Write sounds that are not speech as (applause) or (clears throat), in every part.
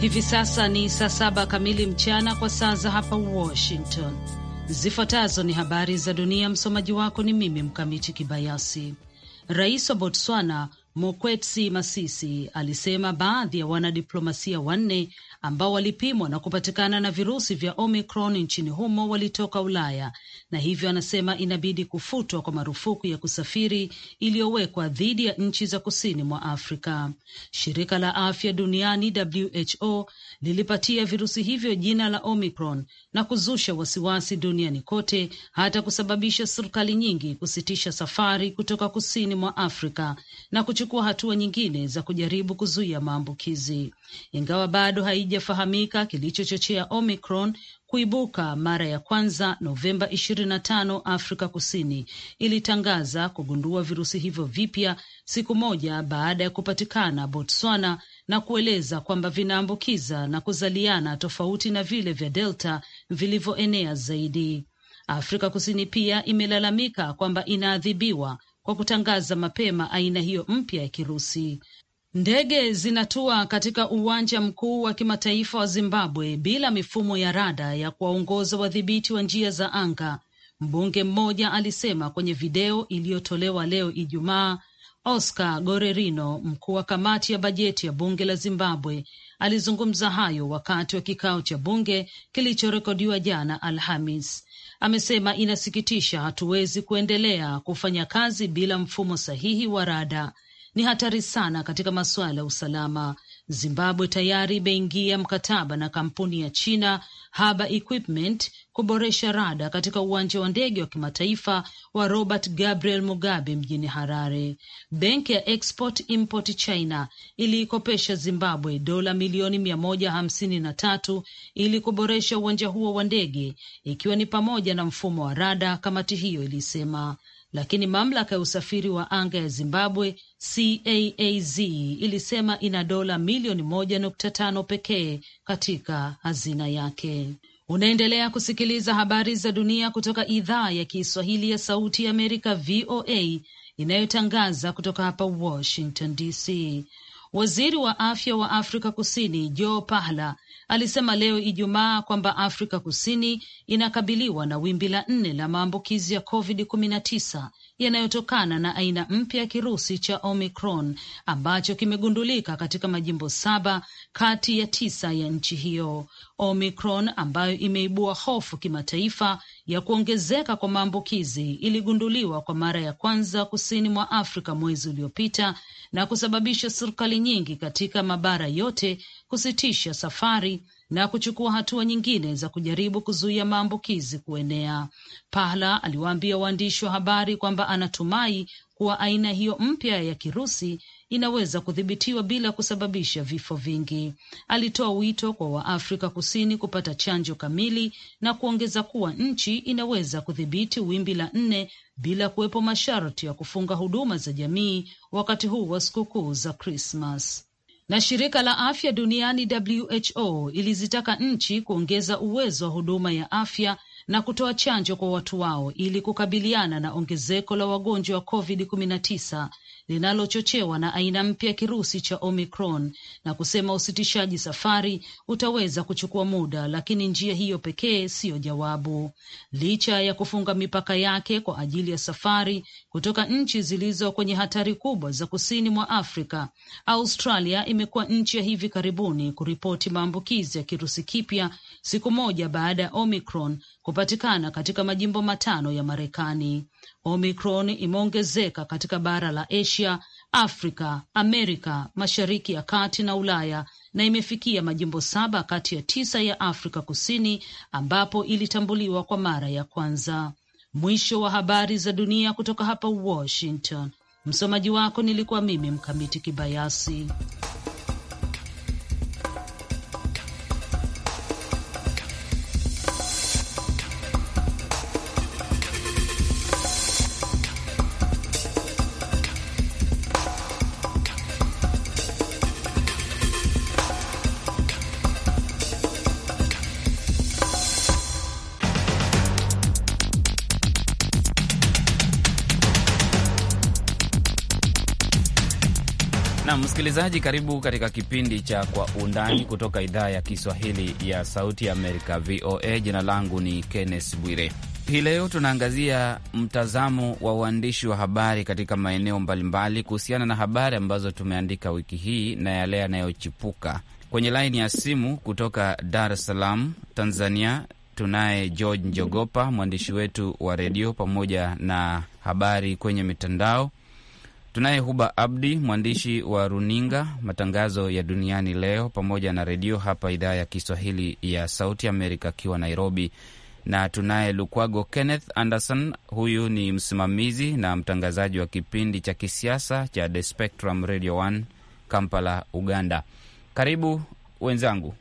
Hivi sasa ni saa saba kamili mchana kwa saa za hapa Washington. Zifuatazo ni habari za dunia, msomaji wako ni mimi Mkamiti Kibayasi. Rais wa Botswana Mokwetsi Masisi alisema baadhi ya wanadiplomasia wanne ambao walipimwa na kupatikana na virusi vya Omicron nchini humo walitoka Ulaya na hivyo anasema inabidi kufutwa kwa marufuku ya kusafiri iliyowekwa dhidi ya nchi za kusini mwa Afrika. Shirika la afya duniani WHO lilipatia virusi hivyo jina la Omicron na kuzusha wasiwasi duniani kote, hata kusababisha serikali nyingi kusitisha safari kutoka kusini mwa Afrika na kuchukua hatua nyingine za kujaribu kuzuia maambukizi, ingawa bado haijafahamika kilichochochea Omicron kuibuka mara ya kwanza Novemba 25, Afrika Kusini ilitangaza kugundua virusi hivyo vipya siku moja baada ya kupatikana Botswana na kueleza kwamba vinaambukiza na kuzaliana tofauti na vile vya Delta vilivyoenea zaidi. Afrika Kusini pia imelalamika kwamba inaadhibiwa kwa kutangaza mapema aina hiyo mpya ya kirusi. Ndege zinatua katika uwanja mkuu wa kimataifa wa Zimbabwe bila mifumo ya rada ya kuwaongoza wadhibiti wa njia za anga, mbunge mmoja alisema kwenye video iliyotolewa leo Ijumaa. Oscar Gorerino, mkuu wa kamati ya bajeti ya bunge la Zimbabwe, alizungumza hayo wakati wa kikao cha bunge kilichorekodiwa jana Alhamis. Amesema inasikitisha, hatuwezi kuendelea kufanya kazi bila mfumo sahihi wa rada ni hatari sana katika masuala ya usalama. Zimbabwe tayari imeingia mkataba na kampuni ya China Haba Equipment kuboresha rada katika uwanja wa ndege wa kimataifa wa Robert Gabriel Mugabe mjini Harare. Benki ya Export Import China iliikopesha Zimbabwe dola milioni mia moja hamsini na tatu ili kuboresha uwanja huo wa ndege, ikiwa ni pamoja na mfumo wa rada, kamati hiyo ilisema. Lakini mamlaka ya usafiri wa anga ya Zimbabwe CAAZ ilisema ina dola milioni moja nukta tano pekee katika hazina yake. Unaendelea kusikiliza habari za dunia kutoka idhaa ya Kiswahili ya Sauti ya Amerika, VOA, inayotangaza kutoka hapa Washington DC. Waziri wa afya wa Afrika Kusini Joe Pahla alisema leo Ijumaa kwamba Afrika Kusini inakabiliwa na wimbi la nne la maambukizi ya COVID-19 yanayotokana na aina mpya ya kirusi cha Omicron ambacho kimegundulika katika majimbo saba kati ya tisa ya nchi hiyo. Omicron ambayo imeibua hofu kimataifa ya kuongezeka kwa maambukizi iligunduliwa kwa mara ya kwanza kusini mwa Afrika mwezi uliopita na kusababisha serikali nyingi katika mabara yote kusitisha safari na kuchukua hatua nyingine za kujaribu kuzuia maambukizi kuenea. Pahla aliwaambia waandishi wa habari kwamba anatumai kuwa aina hiyo mpya ya kirusi inaweza kudhibitiwa bila kusababisha vifo vingi. Alitoa wito kwa Waafrika Kusini kupata chanjo kamili na kuongeza kuwa nchi inaweza kudhibiti wimbi la nne bila kuwepo masharti ya kufunga huduma za jamii wakati huu wa sikukuu za Krismas na shirika la afya duniani WHO ilizitaka nchi kuongeza uwezo wa huduma ya afya na kutoa chanjo kwa watu wao ili kukabiliana na ongezeko la wagonjwa wa COVID-19 linalochochewa na aina mpya ya kirusi cha Omicron na kusema usitishaji safari utaweza kuchukua muda, lakini njia hiyo pekee siyo jawabu. Licha ya kufunga mipaka yake kwa ajili ya safari kutoka nchi zilizo kwenye hatari kubwa za kusini mwa Afrika, Australia imekuwa nchi ya hivi karibuni kuripoti maambukizi ya kirusi kipya siku moja baada ya Omicron kupatikana katika majimbo matano ya Marekani. Omicron imeongezeka katika bara la Asia, Afrika, Amerika, Mashariki ya Kati na Ulaya na imefikia majimbo saba kati ya tisa ya Afrika Kusini ambapo ilitambuliwa kwa mara ya kwanza. Mwisho wa habari za dunia kutoka hapa Washington. Msomaji wako nilikuwa mimi Mkamiti Kibayasi. Msikilizaji, karibu katika kipindi cha Kwa Undani kutoka idhaa ya Kiswahili ya Sauti ya Amerika, VOA. Jina langu ni Kenneth Bwire. Hii leo tunaangazia mtazamo wa uandishi wa habari katika maeneo mbalimbali kuhusiana na habari ambazo tumeandika wiki hii na yale yanayochipuka. Kwenye laini ya simu kutoka Dar es Salaam, Tanzania, tunaye George Njogopa, mwandishi wetu wa redio pamoja na habari kwenye mitandao Tunaye Huba Abdi, mwandishi wa runinga matangazo ya duniani leo pamoja na redio hapa idhaa ya Kiswahili ya Sauti Amerika akiwa Nairobi, na tunaye Lukwago Kenneth Anderson, huyu ni msimamizi na mtangazaji wa kipindi cha kisiasa cha The Spectrum Radio 1 Kampala, Uganda. Karibu wenzangu.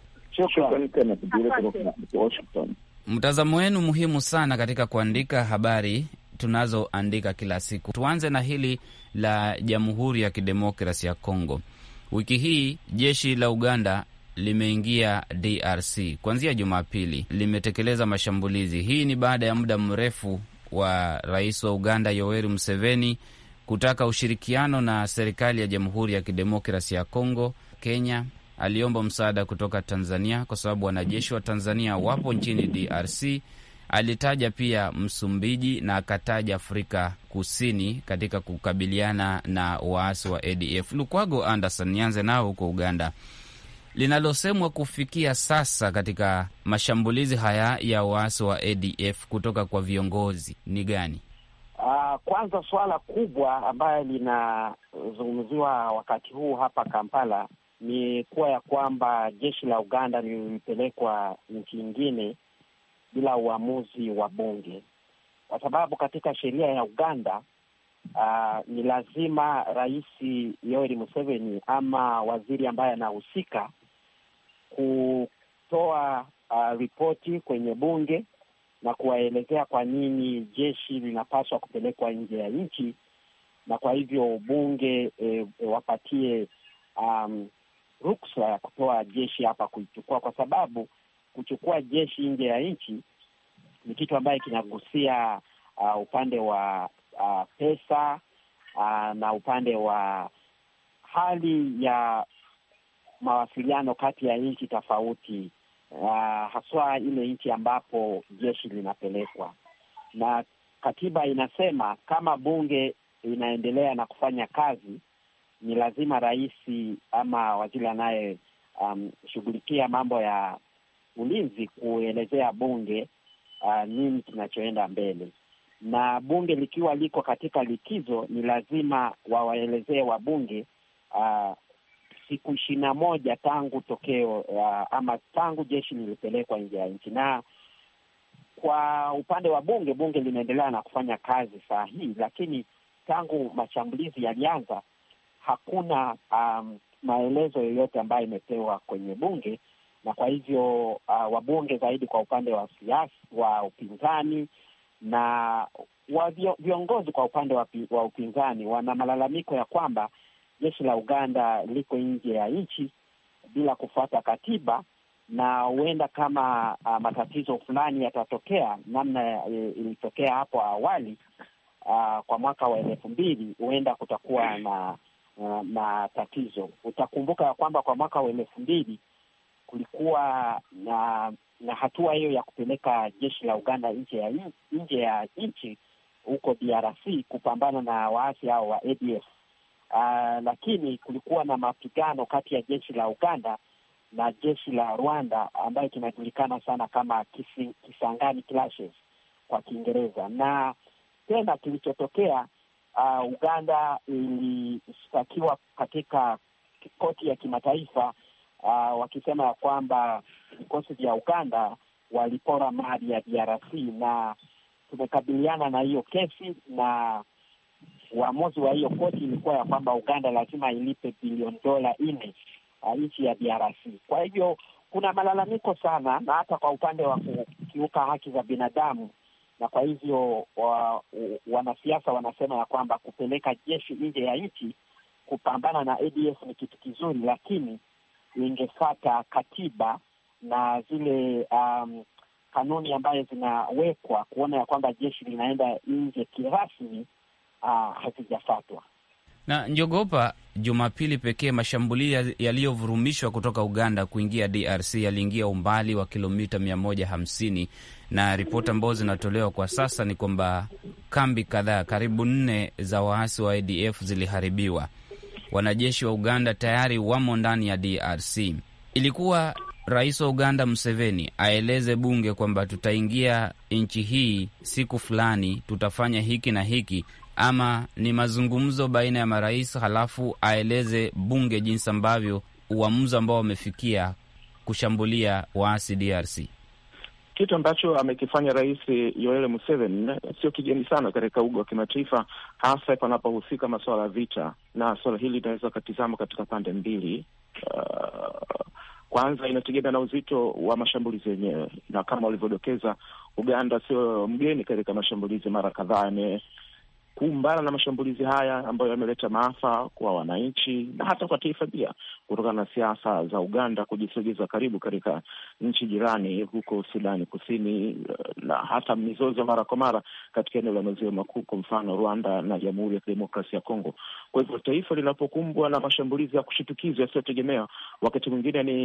Mtazamo wenu muhimu sana katika kuandika habari tunazoandika kila siku. Tuanze na hili la Jamhuri ya Kidemokrasi ya Kongo. Wiki hii jeshi la Uganda limeingia DRC kuanzia Jumapili, limetekeleza mashambulizi. Hii ni baada ya muda mrefu wa rais wa Uganda Yoweri Museveni kutaka ushirikiano na serikali ya Jamhuri ya Kidemokrasi ya congo Kenya aliomba msaada kutoka Tanzania kwa sababu wanajeshi wa Tanzania wapo nchini DRC Alitaja pia Msumbiji na akataja Afrika Kusini katika kukabiliana na waasi wa ADF. Lukwago Anderson, nianze nao huko Uganda. Linalosemwa kufikia sasa katika mashambulizi haya ya waasi wa ADF kutoka kwa viongozi ni gani? Uh, kwanza suala kubwa ambayo linazungumziwa wakati huu hapa Kampala ni kuwa ya kwamba jeshi la Uganda lilipelekwa nchi nyingine bila uamuzi wa bunge, kwa sababu katika sheria ya Uganda uh, ni lazima Rais Yoweri Museveni ama waziri ambaye anahusika kutoa uh, ripoti kwenye bunge na kuwaelezea kwa nini jeshi linapaswa kupelekwa nje ya nchi, na kwa hivyo bunge e, e, wapatie um, ruksa ya kutoa jeshi hapa kuichukua, kwa sababu kuchukua jeshi nje ya nchi ni kitu ambaye kinagusia uh, upande wa uh, pesa uh, na upande wa hali ya mawasiliano kati ya nchi tofauti uh, haswa ile nchi ambapo jeshi linapelekwa. Na katiba inasema kama bunge inaendelea na kufanya kazi, ni lazima rais ama waziri anayeshughulikia um, mambo ya ulinzi kuelezea bunge uh, nini kinachoenda mbele, na bunge likiwa liko katika likizo ni lazima wawaelezee wabunge uh, siku ishirini na moja tangu tokeo uh, ama tangu jeshi lilipelekwa nje ya nchi. Na kwa upande wa bunge, bunge linaendelea na kufanya kazi saa hii, lakini tangu mashambulizi yalianza hakuna um, maelezo yoyote ambayo imepewa kwenye bunge na kwa hivyo uh, wabunge zaidi kwa upande wa siasa wa upinzani na wa viongozi kwa upande wa, wa upinzani wana malalamiko ya kwamba jeshi la Uganda liko nje ya nchi bila kufuata katiba, na huenda kama uh, matatizo fulani yatatokea namna ilitokea hapo awali uh, kwa mwaka wa elfu mbili huenda kutakuwa na na, uh, na tatizo. Utakumbuka ya kwamba kwa mwaka wa elfu mbili kulikuwa na na hatua hiyo ya kupeleka jeshi la Uganda nje ya nje ya nchi huko DRC kupambana na waasi hao wa ADF. Uh, ah, lakini kulikuwa na mapigano kati ya jeshi la Uganda na jeshi la Rwanda ambayo kinajulikana sana kama kisi, Kisangani clashes kwa Kiingereza. Na tena kilichotokea uh, Uganda ilishtakiwa katika koti ya kimataifa uh, wakisema ya kwamba vikosi vya Uganda walipora mali ya DRC, na tumekabiliana na hiyo kesi, na uamuzi wa hiyo koti ilikuwa ya kwamba Uganda lazima ilipe bilioni dola nne ah, nchi ya DRC. Kwa hivyo kuna malalamiko sana, na hata kwa upande wa kukiuka haki za binadamu na kwa hivyo wa, wanasiasa wanasema ya kwamba kupeleka jeshi nje ya nchi kupambana na ADF ni kitu kizuri, lakini ingefata katiba na zile um, kanuni ambayo zinawekwa kuona ya kwamba jeshi linaenda nje kirasmi uh, hazijafatwa na njogopa. Jumapili pekee mashambulio yaliyovurumishwa kutoka Uganda kuingia DRC yaliingia umbali wa kilomita mia moja hamsini na ripoti ambazo zinatolewa kwa sasa ni kwamba kambi kadhaa karibu nne za waasi wa ADF ziliharibiwa. Wanajeshi wa Uganda tayari wamo ndani ya DRC. Ilikuwa Rais wa Uganda Museveni aeleze bunge kwamba tutaingia nchi hii siku fulani, tutafanya hiki na hiki, ama ni mazungumzo baina ya marais, halafu aeleze bunge jinsi ambavyo uamuzi ambao wamefikia kushambulia waasi DRC kitu ambacho amekifanya Rais Yoweri Museveni sio kigeni sana katika uga wa kimataifa, hasa panapohusika masuala ya vita, na suala hili linaweza ukatizama katika pande mbili. Uh, kwanza inategemea na uzito wa mashambulizi yenyewe, na kama walivyodokeza, Uganda sio mgeni katika mashambulizi, mara kadhaa kukumbana na mashambulizi haya ambayo yameleta maafa kwa wananchi na hata kwa taifa pia, kutokana na siasa za Uganda kujisogeza karibu katika nchi jirani huko Sudani Kusini, eh, na hata mizozo mara kwa mara katika eneo la maziwa makuu, kwa mfano Rwanda na Jamhuri ya Kidemokrasia ya Kongo. Kwa hivyo taifa linapokumbwa na mashambulizi ya kushitukizwa yasiyotegemea, wakati mwingine ni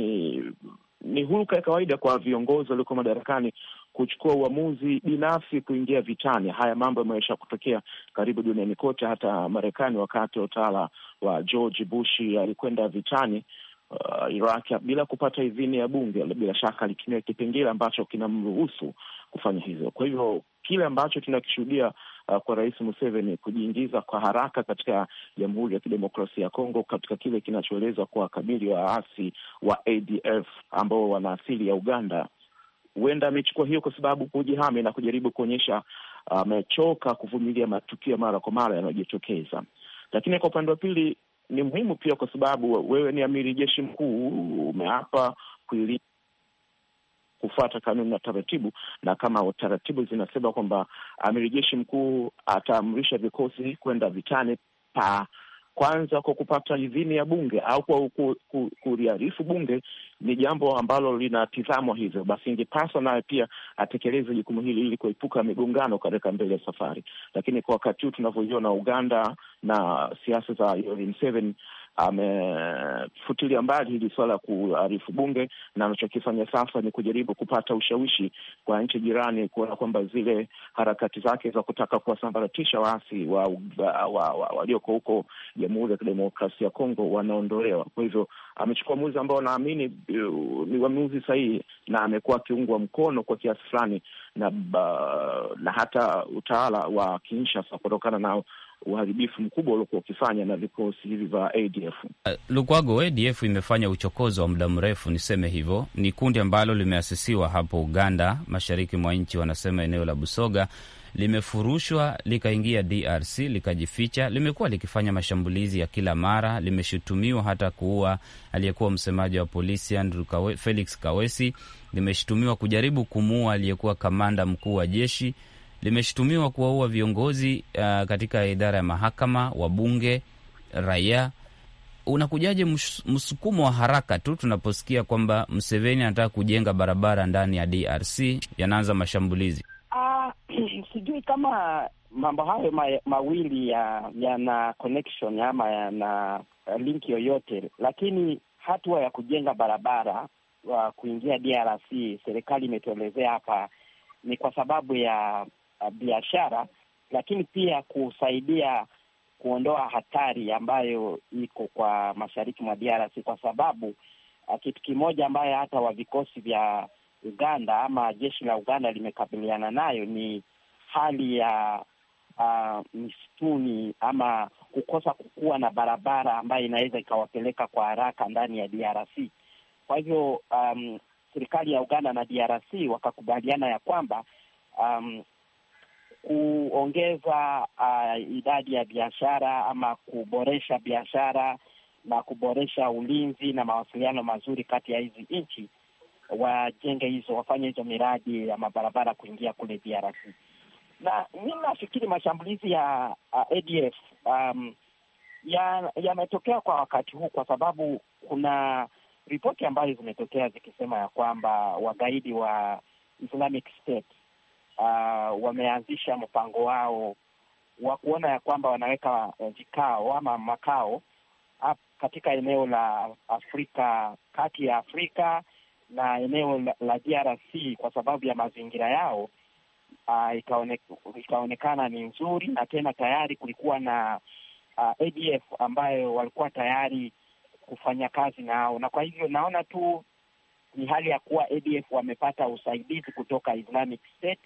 ni huruka ya kawaida kwa viongozi walioko madarakani kuchukua uamuzi binafsi kuingia vitani. Haya mambo yameisha kutokea karibu duniani kote, hata Marekani wakati wa utawala wa George Bush alikwenda vitani uh, Iraq bila kupata idhini ya bunge, bila shaka alitumia kipengele ambacho kinamruhusu kufanya hivyo. Kwa hivyo kile ambacho tunakishuhudia uh, kwa Rais Museveni kujiingiza kwa haraka katika Jamhuri ya Kidemokrasia ya Kongo katika kile kinachoelezwa wa waasi wa ADF ambao wana asili ya Uganda huenda amechukua hiyo kwa sababu kujihami na kujaribu kuonyesha amechoka uh, kuvumilia matukio mara kwa mara yanayojitokeza. Lakini kwa upande wa pili ni muhimu pia, kwa sababu wewe ni amiri jeshi mkuu, umeapa kuili kufuata kanuni na taratibu, na kama taratibu zinasema kwamba amiri jeshi mkuu ataamrisha vikosi kwenda vitani pa kwanza kwa kupata idhini ya bunge au kwa kuliarifu bunge, ni jambo ambalo linatizamwa hivyo. Basi ingepaswa naye pia atekeleze jukumu hili ili kuepuka migongano katika mbele ya safari. Lakini kwa wakati huu tunavyoiona Uganda na siasa za amefutilia mbali hili suala la kuarifu bunge, na anachokifanya sasa ni kujaribu kupata ushawishi kwa nchi jirani kuona kwamba zile harakati zake za kutaka kuwasambaratisha waasi wa, wa, wa, wa, walioko huko Jamhuri ya Kidemokrasia ya Kongo wanaondolewa. Kwa hivyo amechukua uamuzi ambao naamini uh, ni uamuzi sahihi, na amekuwa akiungwa mkono kwa kiasi fulani na, uh, na hata utawala wa Kinshasa kutokana na uharibifu mkubwa uliokuwa ukifanya na vikosi hivi vya ADF. Uh, Lukwago, ADF imefanya uchokozi wa muda mrefu, niseme hivyo. Ni kundi ambalo limeasisiwa hapo Uganda, mashariki mwa nchi, wanasema eneo la Busoga, limefurushwa likaingia DRC likajificha. Limekuwa likifanya mashambulizi ya kila mara, limeshutumiwa hata kuua aliyekuwa msemaji wa polisi Andrew Kawe, Felix Kawesi, limeshutumiwa kujaribu kumuua aliyekuwa kamanda mkuu wa jeshi limeshutumiwa kuwaua viongozi uh, katika idara ya mahakama, wabunge, raia. Unakujaje msukumo wa haraka tu tunaposikia kwamba mseveni anataka kujenga barabara ndani ya DRC, yanaanza mashambulizi? Ah, (clears throat) sijui kama mambo hayo ma, mawili yana ya connection ama yana link yoyote, lakini hatua ya kujenga barabara wa kuingia DRC serikali imetuelezea hapa ni kwa sababu ya Uh, biashara, lakini pia kusaidia kuondoa hatari ambayo iko kwa mashariki mwa DRC kwa sababu uh, kitu kimoja ambayo hata wa vikosi vya Uganda ama jeshi la Uganda limekabiliana nayo ni hali ya uh, misituni ama kukosa kukuwa na barabara ambayo inaweza ikawapeleka kwa haraka ndani ya DRC. Kwa hivyo um, serikali ya Uganda na DRC wakakubaliana ya kwamba um, kuongeza uh, idadi ya biashara ama kuboresha biashara na kuboresha ulinzi na mawasiliano mazuri kati ya hizi nchi, wajenge hizo, wafanye hizo miradi ya mabarabara kuingia kule DRC. Na mi nafikiri mashambulizi ya uh, ADF um, yametokea ya kwa wakati huu kwa sababu kuna ripoti ambazo zimetokea zikisema ya kwamba wagaidi wa Islamic State uh, wameanzisha mpango wao wa kuona ya kwamba wanaweka eh, vikao ama makao katika eneo la Afrika kati ya Afrika na eneo la, la DRC kwa sababu ya mazingira yao uh, ikaone, ikaonekana ni nzuri, na tena tayari kulikuwa na uh, ADF ambayo walikuwa tayari kufanya kazi nao, na kwa hivyo naona tu ni hali ya kuwa ADF wamepata usaidizi kutoka Islamic State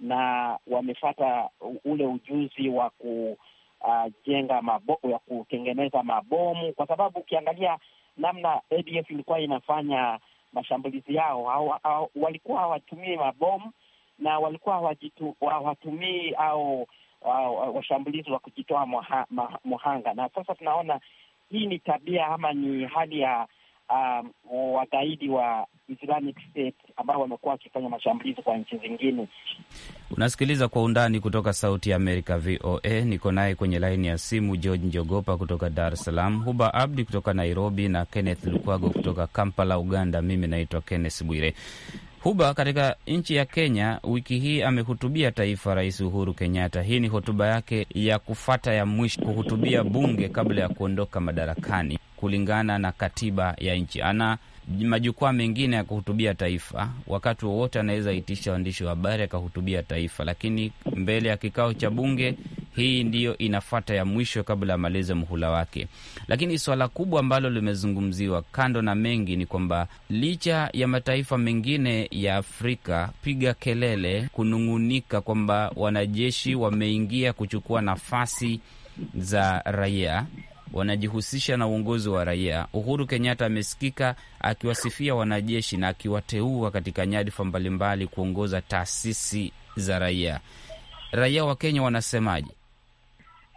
na wamefata ule ujuzi wa kujenga uh, mabo, ya kutengeneza mabomu, kwa sababu ukiangalia namna ADF ilikuwa inafanya mashambulizi yao au, au, walikuwa hawatumii mabomu na walikuwa hawatumii au washambulizi wa kujitoa muhanga, na sasa tunaona hii ni tabia ama ni hali ya um, wagaidi wa Islamic State ambao wamekuwa wakifanya mashambulizi kwa nchi zingine. Unasikiliza kwa undani kutoka Sauti ya Amerika, VOA. Niko naye kwenye laini ya simu George Njogopa kutoka Dar es Salaam, Huba Abdi kutoka Nairobi na Kenneth Lukwago kutoka Kampala, Uganda. Mimi naitwa Kenneth Bwire. Huba katika nchi ya Kenya wiki hii amehutubia taifa Rais Uhuru Kenyatta. Hii ni hotuba yake ya kufata ya mwisho kuhutubia bunge kabla ya kuondoka madarakani. Kulingana na katiba ya nchi, ana majukwaa mengine ya kuhutubia taifa. Wakati wowote anaweza itisha waandishi wa habari akahutubia taifa, lakini mbele ya kikao cha bunge hii ndiyo inafuata ya mwisho kabla amalize mhula wake. Lakini swala kubwa ambalo limezungumziwa kando na mengi ni kwamba licha ya mataifa mengine ya Afrika piga kelele, kunung'unika kwamba wanajeshi wameingia kuchukua nafasi za raia wanajihusisha na uongozi wa raia. Uhuru Kenyatta amesikika akiwasifia wanajeshi na akiwateua katika nyadhifa mbalimbali kuongoza taasisi za raia. Raia wa Kenya wanasemaje?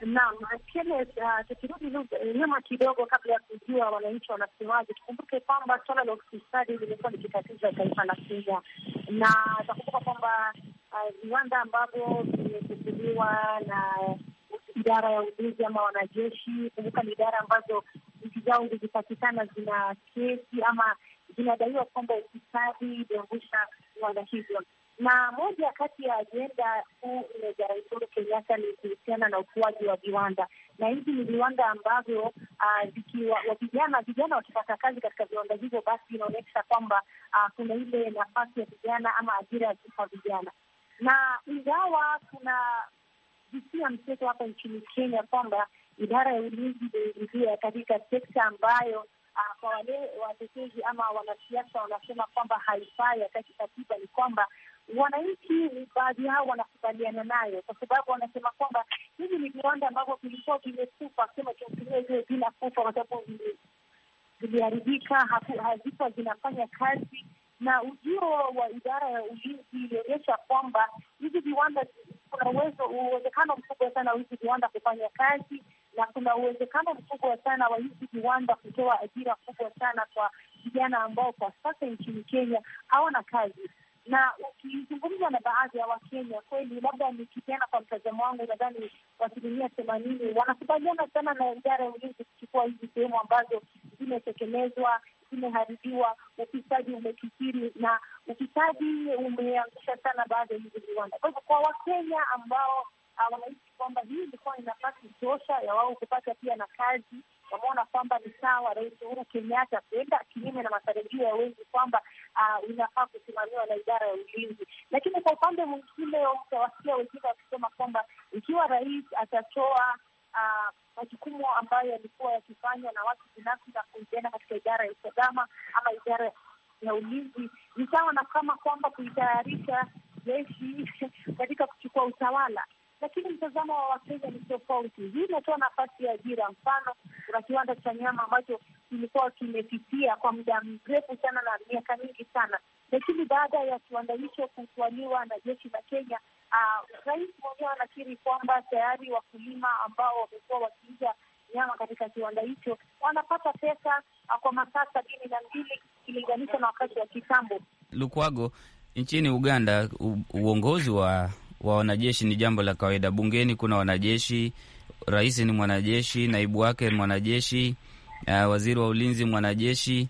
Naam, Kenneth, uh, tukirudi nyuma kidogo, kabla ya kujua wananchi wanasemaje, tukumbuke kwamba suala la ufisadi limekuwa likitatiza taifa la Kenya, na takumbuka kwamba uh, viwanda ambavyo vimefukuliwa na idara ya ulinzi ama wanajeshi, kumbuka ni idara ambazo nchi zao zilipatikana zina kesi ama zinadaiwa kwamba ufisadi iliangusha viwanda hivyo na moja kati ya ajenda kuu za Rais Uhuru Kenyatta ni kuhusiana na ukuaji wa viwanda, na hivi ni viwanda ambavyo ah, vijana vijana wakipata kazi katika viwanda hivyo, basi inaonyesha kwamba ah, kuna ile nafasi ya vijana ama ajira ya kwa vijana, na ingawa kuna visia mseto hapa nchini Kenya kwamba idara ya ulinzi imeingia katika sekta ambayo Uh, kwa wale watetezi ama wanasiasa wanasema kwamba haifai, wakati katiba ni kwamba wananchi baadhi yao wanakubaliana nayo, kwa sababu wanasema kwamba hivi ni viwanda ambavyo vilikuwa vimekufa, akisema tutumie zile bila kufa, kwa sababu ziliharibika, hazikuwa zinafanya kazi. Na ujio wa idara ya ulinzi ilionyesha kwamba hivi viwanda kuna uwezo uwezekano mkubwa sana wa hizi viwanda kufanya kazi na kuna uwezekano mkubwa sana wa hizi viwanda kutoa ajira kubwa sana kwa vijana ambao kwa sasa nchini Kenya hawana kazi na ukizungumza na baadhi ya Wakenya kweli, labda nikipeana kwa mtazamo wangu, nadhani asilimia themanini wanakubaliana sana na idara ya ulinzi kuchukua hizi sehemu ambazo zimetekelezwa, zimeharibiwa, ufisadi umekithiri na ufisadi umeangusha sana baadhi ya hizi viwanda. Kwa hivyo kwa Wakenya ambao wanahisi kwamba hii ilikuwa ni nafasi tosha ya wao kupata pia na kazi wameona kwamba ni sawa Rais Uhuru Kenyatta kuenda kinyume na matarajio ya wengi kwamba uh, inafaa kusimamiwa na idara ya ulinzi. Lakini kwa upande mwingine, utawasikia wengine wakisema kwamba ikiwa rais atatoa uh, majukumu ambayo yalikuwa yakifanywa na watu binafsi na kuipeana katika idara ya usalama ama idara ya ulinzi, ni sawa na kama kwamba kuitayarisha jeshi (laughs) katika kuchukua utawala lakini mtazamo wa Wakenya ni tofauti. Hii inatoa nafasi ya ajira. Mfano, kuna kiwanda cha nyama ambacho kilikuwa kimepitia kwa muda mrefu sana na miaka mingi sana, lakini baada ya kiwanda hicho kutwaliwa na jeshi la Kenya, uh, rais mwenyewe anakiri kwamba tayari wakulima ambao wamekuwa wakiuza nyama katika kiwanda hicho wanapata pesa ah, kwa masaa sabini na mbili ikilinganisha na wakati wa kitambo. Lukwago, nchini Uganda, uongozi wa wa wanajeshi ni jambo la kawaida. Bungeni kuna wanajeshi, rais ni mwanajeshi, naibu wake mwanajeshi, uh, waziri wa ulinzi mwanajeshi,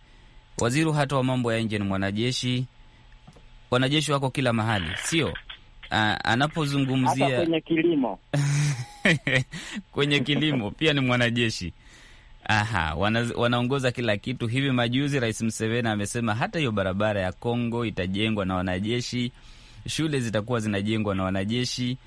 waziri hata wa mambo ya nje ni mwanajeshi. Wanajeshi wako kila mahali, sio? Uh, anapozungumzia hata kwenye kilimo (laughs) kwenye kilimo pia ni mwanajeshi. Aha, wana, wanaongoza kila kitu. Hivi majuzi Rais Museveni amesema hata hiyo barabara ya Kongo itajengwa na wanajeshi shule zitakuwa zinajengwa na wanajeshi.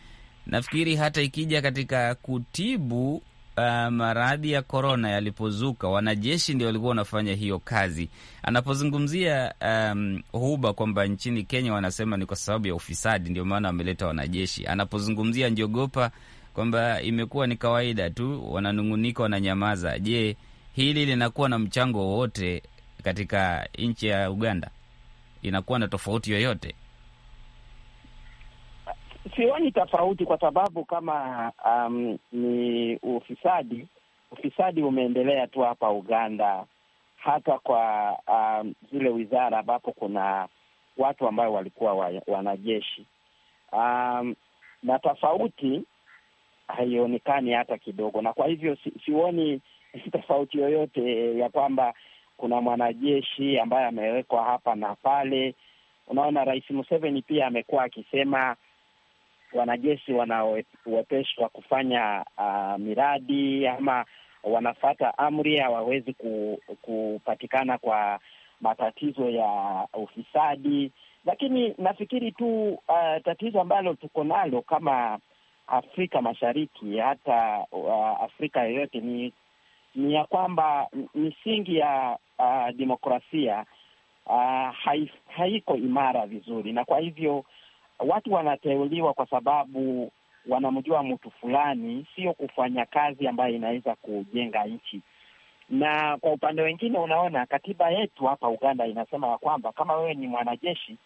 Nafikiri hata ikija katika kutibu Uh, maradhi ya korona yalipozuka, wanajeshi ndio walikuwa wanafanya hiyo kazi. Anapozungumzia um, Huba kwamba nchini Kenya wanasema ni kwa sababu ya ufisadi ndio maana wameleta wanajeshi. Anapozungumzia Njogopa kwamba imekuwa ni kawaida tu, wananung'unika, wananyamaza. Je, hili linakuwa na mchango wowote katika nchi ya Uganda? Inakuwa na tofauti yoyote? sioni tofauti kwa sababu kama um, ni ufisadi, ufisadi umeendelea tu hapa Uganda, hata kwa um, zile wizara ambapo kuna watu ambao walikuwa wa, wanajeshi um, na tofauti haionekani hata kidogo, na kwa hivyo si, sioni (laughs) tofauti yoyote ya kwamba kuna mwanajeshi ambaye amewekwa hapa na pale. Unaona, Rais Museveni pia amekuwa akisema wanajeshi wanaowepeshwa kufanya uh, miradi ama wanafata amri, hawawezi ku, kupatikana kwa matatizo ya ufisadi. Lakini nafikiri tu uh, tatizo ambalo tuko nalo kama Afrika Mashariki hata uh, Afrika yoyote ni ni ya kwamba misingi ya uh, demokrasia uh, haiko imara vizuri, na kwa hivyo watu wanateuliwa kwa sababu wanamjua mtu fulani, sio kufanya kazi ambayo inaweza kujenga nchi. Na kwa upande wengine, unaona katiba yetu hapa Uganda inasema ya kwamba kama wewe ni mwanajeshi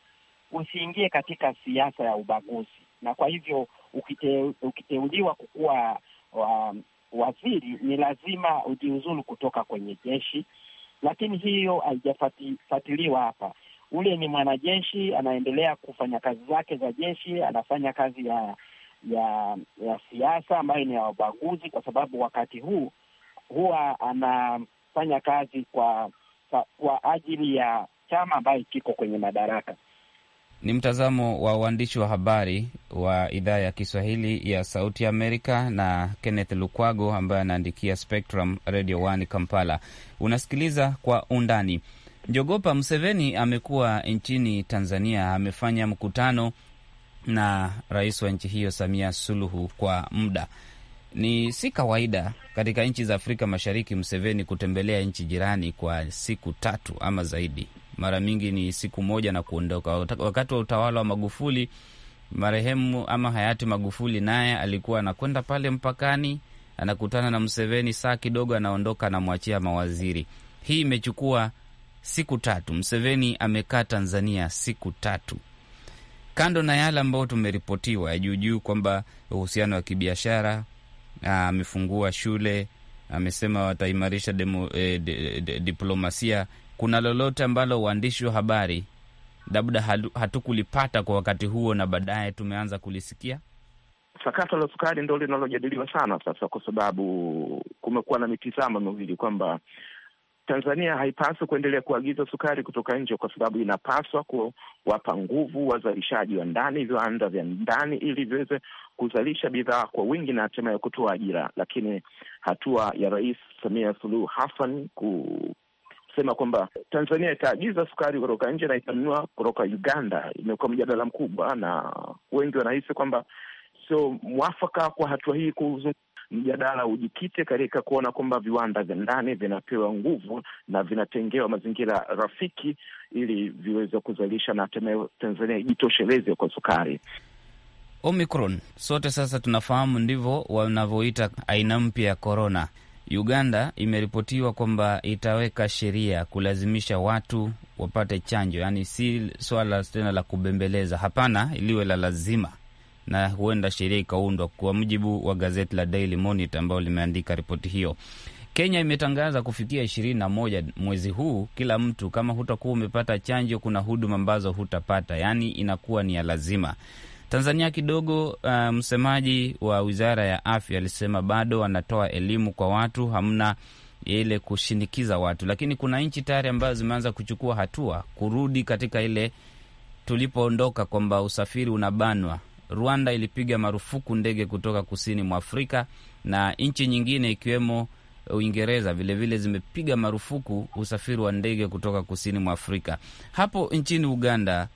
usiingie katika siasa ya ubaguzi, na kwa hivyo ukite, ukiteuliwa kukuwa wa, um, waziri ni lazima ujiuzulu kutoka kwenye jeshi, lakini hiyo haijafuatiliwa hapa. Ule ni mwanajeshi anaendelea kufanya kazi zake za jeshi, anafanya kazi ya ya ya siasa ambayo ni ya wabaguzi, kwa sababu wakati huu huwa anafanya kazi kwa kwa ajili ya chama ambayo kiko kwenye madaraka. Ni mtazamo wa uandishi wa habari wa idhaa ya Kiswahili ya Sauti Amerika na Kenneth Lukwago ambaye anaandikia Spectrum Radio 1 Kampala. Unasikiliza kwa undani. Njogopa Mseveni amekuwa nchini Tanzania, amefanya mkutano na rais wa nchi hiyo Samia Suluhu kwa muda. Ni si kawaida katika nchi za Afrika Mashariki Mseveni kutembelea nchi jirani kwa siku tatu ama zaidi. Mara mingi ni siku moja na kuondoka. Wakati wa utawala wa Magufuli, marehemu ama hayati Magufuli naye alikuwa anakwenda pale mpakani, anakutana na Mseveni, saa kidogo anaondoka, anamwachia mawaziri. Hii imechukua siku tatu. Mseveni amekaa Tanzania siku tatu, kando na yale ambayo tumeripotiwa ya juujuu kwamba uhusiano wa kibiashara ah, amefungua shule, amesema wataimarisha de, eh, diplomasia. Kuna lolote ambalo waandishi wa habari labda hatukulipata kwa wakati huo na baadaye tumeanza kulisikia? Sakata la sukari ndo linalojadiliwa sana sasa, kwa sababu kumekuwa na mitizamo miwili kwamba Tanzania haipaswi kuendelea kuagiza sukari kutoka nje, kwa sababu inapaswa kuwapa nguvu wazalishaji wa ndani, viwanda vya ndani, ili viweze kuzalisha bidhaa kwa wingi na hatimaye kutoa ajira. Lakini hatua ya Rais Samia Suluhu Hassan kusema kwamba Tanzania itaagiza sukari kutoka nje na itanunua kutoka Uganda imekuwa mjadala mkubwa, na wengi wanahisi kwamba sio mwafaka kwa hatua hii kuzungumza mjadala ujikite katika kuona kwamba viwanda vya ndani vinapewa nguvu na vinatengewa mazingira rafiki ili viweze kuzalisha na Tanzania ijitosheleze kwa sukari. Omicron sote sasa tunafahamu ndivyo wanavyoita aina mpya ya korona. Uganda imeripotiwa kwamba itaweka sheria kulazimisha watu wapate chanjo, yaani si swala tena la kubembeleza, hapana, iliwe la lazima na huenda sheria ikaundwa, kwa mujibu wa gazeti la Daily Monitor ambayo limeandika ripoti hiyo. Kenya imetangaza kufikia ishirini na moja mwezi huu, kila mtu kama hutakuwa umepata chanjo, kuna huduma ambazo hutapata, yaani inakuwa ni ya lazima. Tanzania kidogo, uh, msemaji wa wizara ya afya alisema bado wanatoa elimu kwa watu, hamna ile kushinikiza watu, lakini kuna nchi tayari ambazo zimeanza kuchukua hatua kurudi katika ile tulipoondoka, kwamba usafiri unabanwa Rwanda ilipiga marufuku ndege kutoka kusini mwa Afrika na nchi nyingine ikiwemo Uingereza vilevile zimepiga marufuku usafiri wa ndege kutoka kusini mwa Afrika. Hapo nchini Uganda,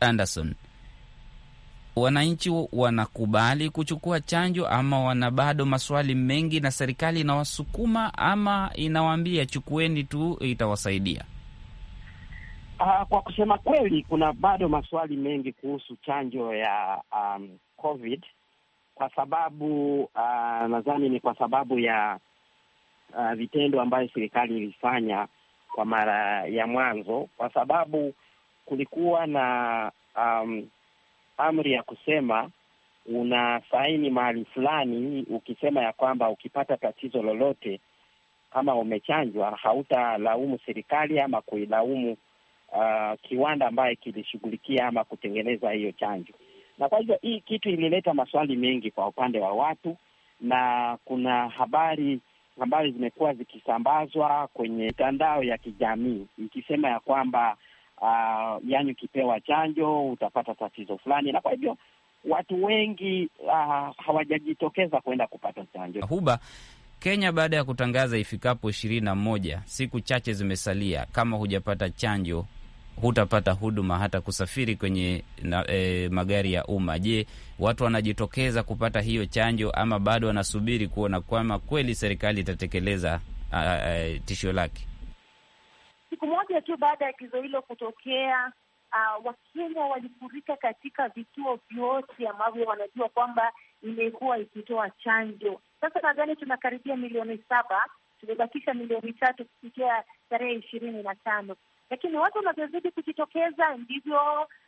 Anderson, wananchi wanakubali kuchukua chanjo ama wana bado maswali mengi, na serikali inawasukuma ama inawaambia chukueni tu, itawasaidia? Uh, kwa kusema kweli kuna bado maswali mengi kuhusu chanjo ya um, COVID kwa sababu uh, nadhani ni kwa sababu ya uh, vitendo ambayo serikali ilifanya kwa mara ya mwanzo, kwa sababu kulikuwa na um, amri ya kusema una saini mahali fulani ukisema ya kwamba ukipata tatizo lolote kama umechanjwa hautalaumu serikali ama kuilaumu uh, kiwanda ambaye kilishughulikia ama kutengeneza hiyo chanjo. Na kwa hivyo hii kitu ilileta maswali mengi kwa upande wa watu, na kuna habari ambazo zimekuwa zikisambazwa kwenye mitandao ya kijamii ikisema ya kwamba uh, yani ukipewa chanjo utapata tatizo fulani, na kwa hivyo watu wengi uh, hawajajitokeza kwenda kupata chanjo. Huba Kenya baada ya kutangaza ifikapo ishirini na moja, siku chache zimesalia, kama hujapata chanjo hutapata huduma hata kusafiri kwenye na, e, magari ya umma. Je, watu wanajitokeza kupata hiyo chanjo ama bado wanasubiri kuona kwama kweli serikali itatekeleza tishio lake? Siku moja tu baada ya kizo hilo kutokea, uh, Wakenya walifurika katika vituo vyote ambavyo wanajua kwamba imekuwa ikitoa chanjo. Sasa nadhani tunakaribia milioni saba, tumebakisha milioni tatu kufikia tarehe ishirini na tano lakini watu wanavyozidi kujitokeza ndivyo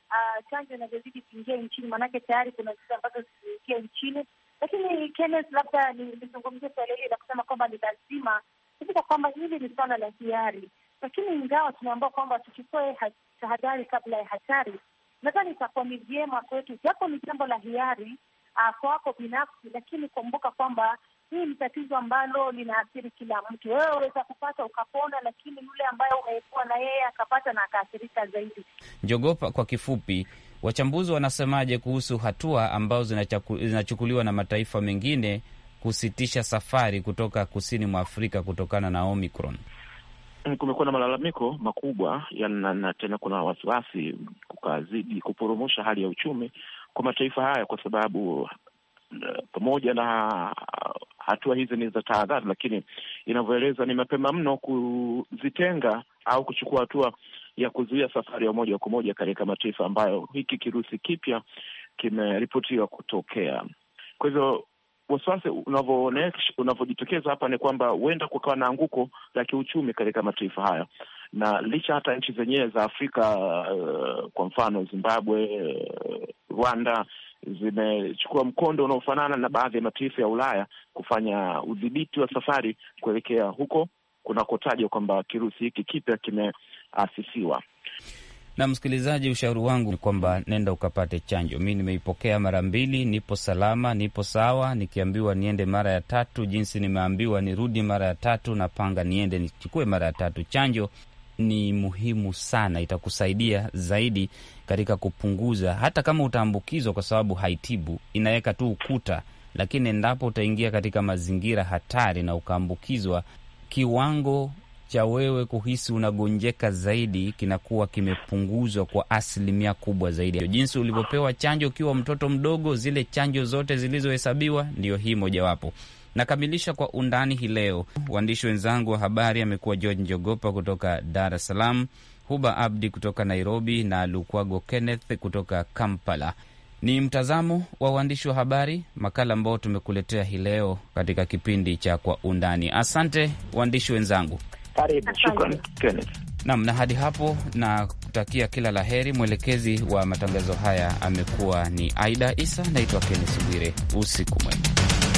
uh, chanjo inavyozidi kuingia nchini, maanake tayari kuna zile ambazo zimeingia nchini. Lakini Kenneth, labda nizungumzie swala hili la kusema kwamba ni lazima kufika kwamba hili ni swala la hiari, lakini ingawa tunaambia kwamba tuchukue tahadhari kabla ya hatari, nadhani itakuwa ni vyema kwetu, japo ni jambo la hiari uh, kwako binafsi, lakini kumbuka kwamba hii ni tatizo ambalo linaathiri kila mtu. Wewe unaweza kupata ukapona, lakini yule ambaye umekuwa na yeye akapata na akaathirika zaidi. Njogopa, kwa kifupi, wachambuzi wanasemaje kuhusu hatua ambazo zinachukuliwa na mataifa mengine kusitisha safari kutoka kusini mwa Afrika kutokana na Omicron? Kumekuwa na malalamiko makubwa na tena kuna wasiwasi kukazidi kuporomosha hali ya uchumi kwa mataifa haya, kwa sababu Eh, pamoja na uh, hatua hizi ni za tahadhari, lakini inavyoeleza ni mapema mno kuzitenga au kuchukua hatua ya kuzuia safari ya moja kwa moja katika mataifa ambayo hiki kirusi kipya kimeripotiwa kutokea. Kwa hivyo wasiwasi unavyojitokeza hapa ni kwamba huenda kukawa na anguko la kiuchumi katika mataifa hayo na licha hata nchi zenyewe za Afrika uh, kwa mfano Zimbabwe, uh, Rwanda zimechukua mkondo unaofanana na baadhi ya mataifa ya Ulaya kufanya udhibiti wa safari kuelekea huko kunakotajwa kwamba kirusi hiki kipya kimeasisiwa. Na msikilizaji, ushauri wangu ni kwamba nenda ukapate chanjo. Mi nimeipokea mara mbili, nipo salama, nipo sawa. Nikiambiwa niende mara ya tatu, jinsi nimeambiwa nirudi mara ya tatu, napanga niende nichukue mara ya tatu chanjo, ni muhimu sana, itakusaidia zaidi katika kupunguza, hata kama utaambukizwa, kwa sababu haitibu, inaweka tu ukuta. Lakini endapo utaingia katika mazingira hatari na ukaambukizwa, kiwango cha wewe kuhisi unagonjeka zaidi kinakuwa kimepunguzwa kwa asilimia kubwa zaidi. Jinsi ulivyopewa chanjo ukiwa mtoto mdogo, zile chanjo zote zilizohesabiwa, ndiyo hii mojawapo. Nakamilisha kwa undani hii leo. Waandishi wenzangu wa habari amekuwa George Njogopa kutoka Dar es Salaam, Huba Abdi kutoka Nairobi na Lukwago Kenneth kutoka Kampala. Ni mtazamo wa waandishi wa habari, makala ambao tumekuletea hii leo katika kipindi cha Kwa Undani. Asante waandishi wenzangu. Karibu, shukran nam. Na hadi hapo na kutakia kila la heri. Mwelekezi wa matangazo haya amekuwa ni Aida Isa. Naitwa Kennes Bwire, usiku mwema.